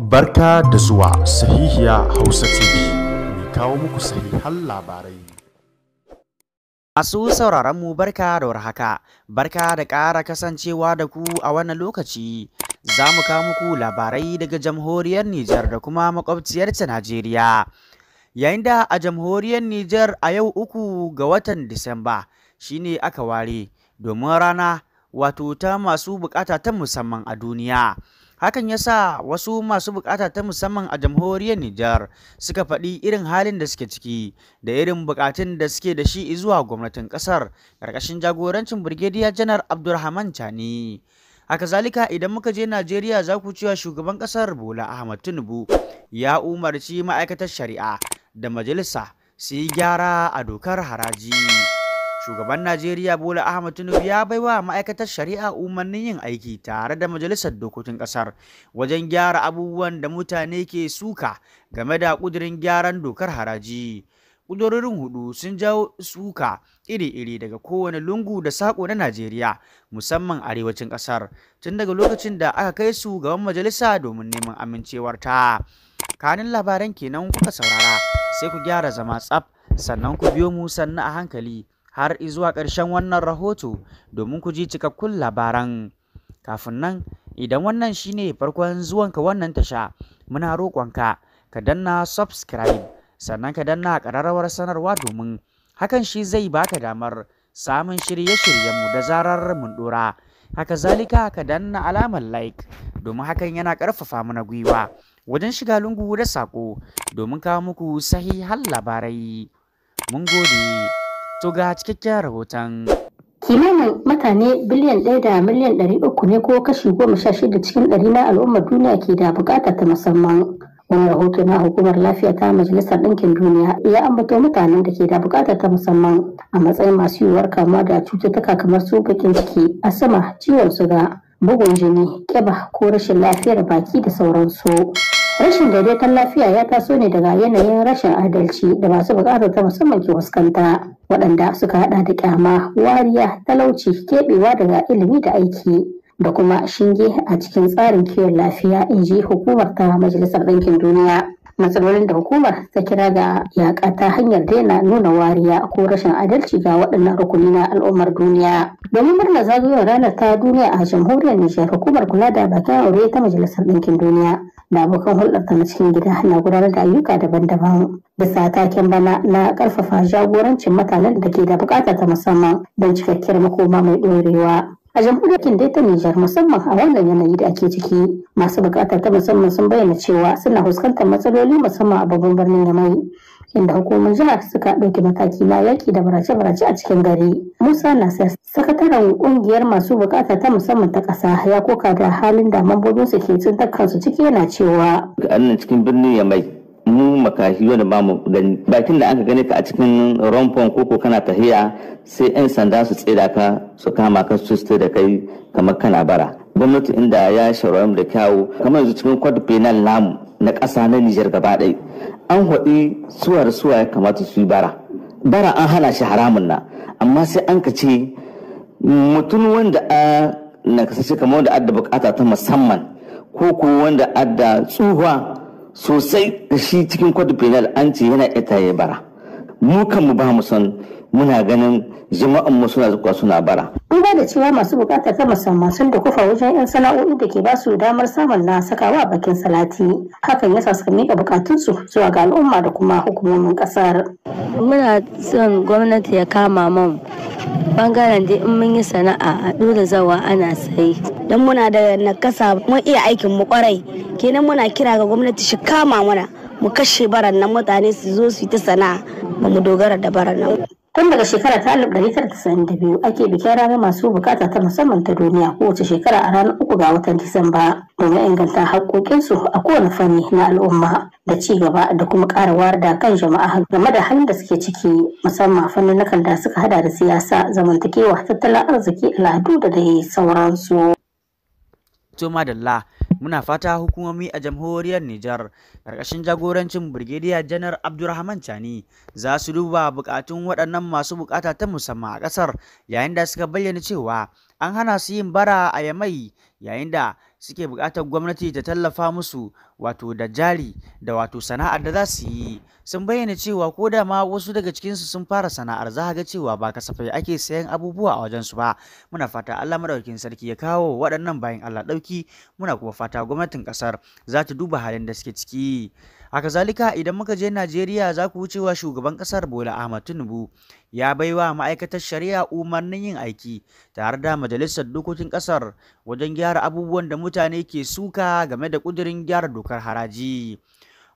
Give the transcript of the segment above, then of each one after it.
Barka da zuwa sahihiya Hausa TV, mai kawo muku sahihan labarai. Masu mu barka da warhaka, barka da ƙara kasancewa da ku a wannan lokaci. Za mu kawo muku labarai daga jamhuriyar Nijar da kuma makwabciyarta Najeriya. Yayin da a jamhuriyar Nijar a yau uku ga watan Disamba shine aka ware domin rana wato ta masu bukata ta musamman a duniya. hakan ya sa wasu masu bukata ta musamman a jamhuriyar Nijar suka faɗi irin halin da suke ciki da irin bukatun da suke da shi zuwa gwamnatin ƙasar ƙarƙashin jagorancin Birgediya Janar Abdulrahman Chani. Haka zalika idan muka je Najeriya za ku cewa shugaban ƙasar Bola Ahmad Tinubu ya umarci ma'aikatar shari'a da majalisa su yi gyara a dokar haraji. shugaban najeriya bola ahmad tinubu ya wa ma'aikatar shari'a umarnin yin aiki tare da majalisar dokokin kasar wajen gyara abubuwan da mutane ke suka game da kudirin gyaran dokar haraji kudurorin hudu sun jawo suka iri-iri daga kowane lungu da sako na najeriya musamman arewacin kasar tun daga lokacin da aka kai su gaban majalisa domin neman amincewar ta kanin labaran kenan kuka saurara sai ku gyara zama tsaf sannan ku biyo mu sannan a hankali har izuwa ƙarshen wannan rahoto domin ku ji cikakkun labaran. Kafin nan, idan wannan shine farkon zuwanka wannan tasha, muna roƙonka ka danna subscribe, sannan ka danna ƙararrawar sanarwa domin hakan shi zai baka damar samun shirye-shiryenmu da zarar mun ɗora. Haka zalika ka danna alamar like domin hakan yana ƙarfafa mana gwiwa wajen shiga lungu da saƙo domin kawo muku sahihan labarai. Mun gode. To ga cikakken rahoton. kimanin mutane biliyan ɗaya da miliyan ɗari uku ne ko kashi goma sha shida cikin ɗari na al'ummar duniya ke da buƙatar ta musamman wani rahoto na hukumar lafiya ta majalisar ɗinkin duniya ya ambato mutanen da ke da buƙatar ta musamman a matsayin masu yiwuwar kamuwa da cututtuka kamar su bakin ciki asama ciwon suga bugun jini ƙiba ko rashin lafiyar baki da sauransu. Rashin daidaiton lafiya ya taso ne daga yanayin rashin adalci da masu bukatar ta musamman ke wuskanta waɗanda suka haɗa da kyama wariya, talauci, keɓewa daga ilimi da aiki. da kuma shinge a cikin tsarin kiwon lafiya in ji hukumar ta majalisar ɗinkin duniya matsalolin da hukumar ta kira ga yaƙa ta hanyar daina nuna wariya ko rashin adalci ga waɗannan rukuni na al'ummar duniya domin murnar zagayowar ranar ta duniya a jamhuriyar nijar hukumar kula da bakin aure ta majalisar ɗinkin duniya da abokan hulɗar ta na cikin gida na gudanar da ayyuka daban-daban bisa taken bana na ƙarfafa jagorancin mutanen da ke da buƙata ta musamman don cikakkiyar makoma mai ɗorewa A jamhuriyar dai ta Nijar musamman a wannan yanayi da ake ciki masu bukatar ta musamman sun bayyana cewa suna fuskantar matsaloli musamman a babban birnin Yamai inda hukumar jihar suka ɗauki mataki na yaki da barace-barace a cikin gari. Musa Nasir, sakataren ƙungiyar masu bukata ta musamman ta ƙasa ya koka da halin da mambobinsu ke tsintar kansu ciki yana cewa. Ga cikin birnin Yamai mu makashi wanda ba mu gani bakin da aka gane ka a cikin rompon koko kana tahiya sai yan sanda su tsira ka su kama ka su da kai kamar kana bara gwamnati inda ya shawararmu da kyawu kamar yanzu cikin kwad penal namu na ƙasa na nijar gaba ɗaya an haɗi suwar suwa ya kamata su yi bara bara an hana shi haramun na amma sai an ka ce mutum wanda a na kasance kamar wanda adda bukata ta musamman ko ko wanda adda tsuhuwa sosai da shi cikin kwadu penal an ce yana ita ya bara mu ba mu san muna ganin jama'an mu suna zuwa suna bara duba da cewa masu bukata ta musamman sun da kufa wajen yan sana'o'i da ke ba su damar samun na sakawa bakin salati hakan yasa suka miƙa bukatunsu zuwa ga al'umma da kuma hukumomin kasar muna son gwamnati ya kama mun bangaren dai in mun yi sana'a a dole zawa ana sayi don muna da nakasa mun iya aikin mu kwarai kenan muna kira ga gwamnati shi kama muna mu kashe baran nan mutane su zo su yi ta sana'a ba mu dogara da baran nan tun daga shekara ta biyu ake bikin ranar masu bukata ta musamman ta duniya kowace shekara a ranar uku ga watan disamba domin inganta haƙoƙinsu a kowane fanni na al'umma da ci gaba da kuma ƙara wayar da kan jama'a game da halin da suke ciki musamman fannin da suka hada da siyasa zamantakewa tattalin arziki al'adu da dai sauransu to madalla muna fata hukumomi a jamhuriyar Nijar ƙarƙashin jagorancin Birgediya Janar Abdurrahman Chani za su duba buƙatun waɗannan masu buƙata ta musamman a ƙasar yayin da suka bayyana cewa an hana su yin bara a Yamai yayin da suke buƙatar gwamnati ta tallafa musu wato da jari da wato sana'ar da za su yi sun bayyana cewa ko da ma wasu daga cikinsu sun fara sana'ar za ga cewa ba kasafai ake sayan abubuwa a wajensu ba muna fata Allah madaukakin sarki ya kawo waɗannan bayan Allah ɗauki muna kuma fata gwamnatin ƙasar za ta duba halin da suke ciki A kazalika idan muka je Najeriya za ku wucewa shugaban ƙasar Bola Ahmad Tinubu ya baiwa ma'aikatar shari'a umarnin yin aiki tare da majalisar dokokin ƙasar wajen gyara abubuwan da mutane ke suka game da ƙudurin gyara dokar haraji.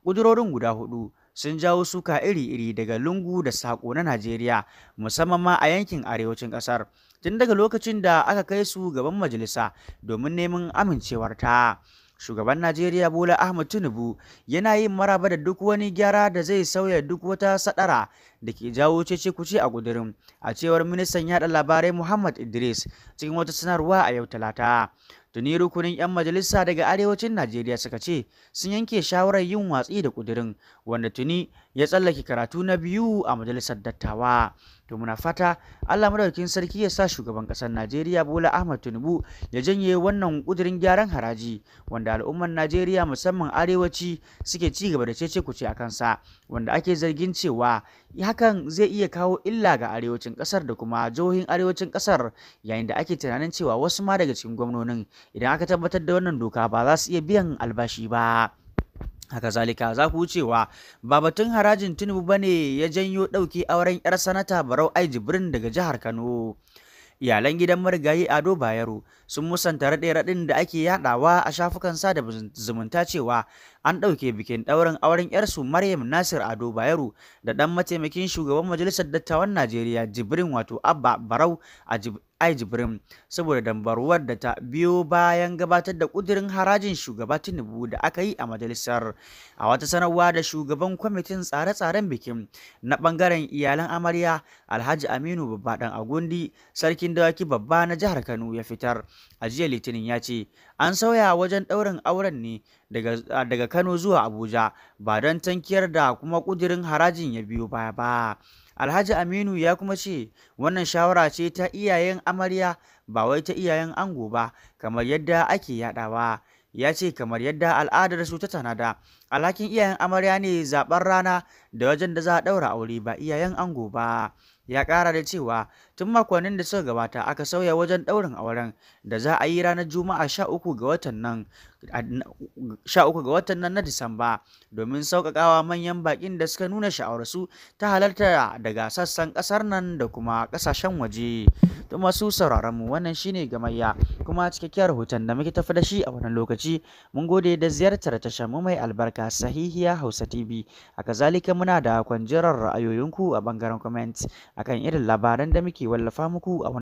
Ƙudurorin guda hudu sun jawo suka iri-iri daga lungu da saƙo na Najeriya musamman ma a yankin arewacin ƙasar tun daga lokacin da aka kai su gaban majalisa domin neman amincewarta. shugaban najeriya bola ahmad tinubu yana yin maraba da duk wani gyara da zai sauya duk wata sadara da ke jawo cece kuce a gudurin a cewar ministan yaɗa labarai Muhammad Idris cikin wata sanarwa a yau talata. Tuni rukunin 'yan majalisa daga arewacin Najeriya suka ce sun yanke shawarar yin watsi da kudirin wanda tuni ya tsallake karatu na biyu a majalisar dattawa. To muna fata Allah madaukakin sarki ya sa shugaban ƙasar Najeriya Bola Ahmad Tinubu ya janye wannan kudirin gyaran haraji wanda al'ummar Najeriya musamman arewaci suke ci gaba da cece kuce a kansa wanda ake zargin cewa ya hakan zai iya kawo illa ga arewacin Kasar da kuma jihohin arewacin Kasar yayin da ake tunanin cewa wasu ma daga cikin gwamnonin idan aka tabbatar da wannan doka ba za su iya biyan albashi ba. haka zalika za ku cewa ba batun harajin tinubu bane ya janyo ɗauki auren 'yar sanata barau ai jibrin daga jihar kano Iyalan gidan marigayi Ado Bayero sun musanta raɗe-raɗin da ake yaɗawa a shafukan sada zumunta cewa an ɗauke bikin ɗaurin auren 'yarsu Maryam Nasir Ado Bayero da ɗan mataimakin shugaban Majalisar Dattawan Najeriya Jibrin wato Abba Barau a ai jibrin saboda dambaruwar da ta biyo bayan gabatar da kudirin harajin shugaba tinubu da aka yi a majalisar a wata sanarwa da shugaban kwamitin tsare-tsaren bikin na bangaren iyalan amarya alhaji aminu babba dan agundi sarkin dawaki babba na jihar kano ya fitar a jiya litinin ya ce an sauya wajen ɗaurin auren ne daga kano zuwa abuja ba don tankiyar da kuma kudirin harajin ya biyo baya ba Alhaji Aminu ya kuma ce wannan shawara ce ta iyayen amarya ba wai ta iyayen ango ba kamar yadda ake yadawa. Ya ce kamar yadda al'adar su ta tanada alhakin iyayen amarya ne zaɓar rana da wajen da za a ɗaura aure ba iyayen ango ba. ya ƙara da cewa tun makonnin da suka gabata aka sauya wajen ɗaurin auren da za a yi ranar juma'a sha uku ga watan nan 13 ga watan nan na Disamba domin sauƙaƙawa manyan baƙin da suka nuna sha'awarsu ta halarta daga sassan ƙasar nan da kuma ƙasashen waje. To masu sauraron mu wannan shine gamayya kuma cikakkiyar hoton da muke tafi da shi a wannan lokaci mun gode da ziyartar tashar mu mai albarka sahihiya Hausa TV. A kazalika muna da kwanjirar ra'ayoyinku a bangaren comment akan irin labaran da muke wallafa muku a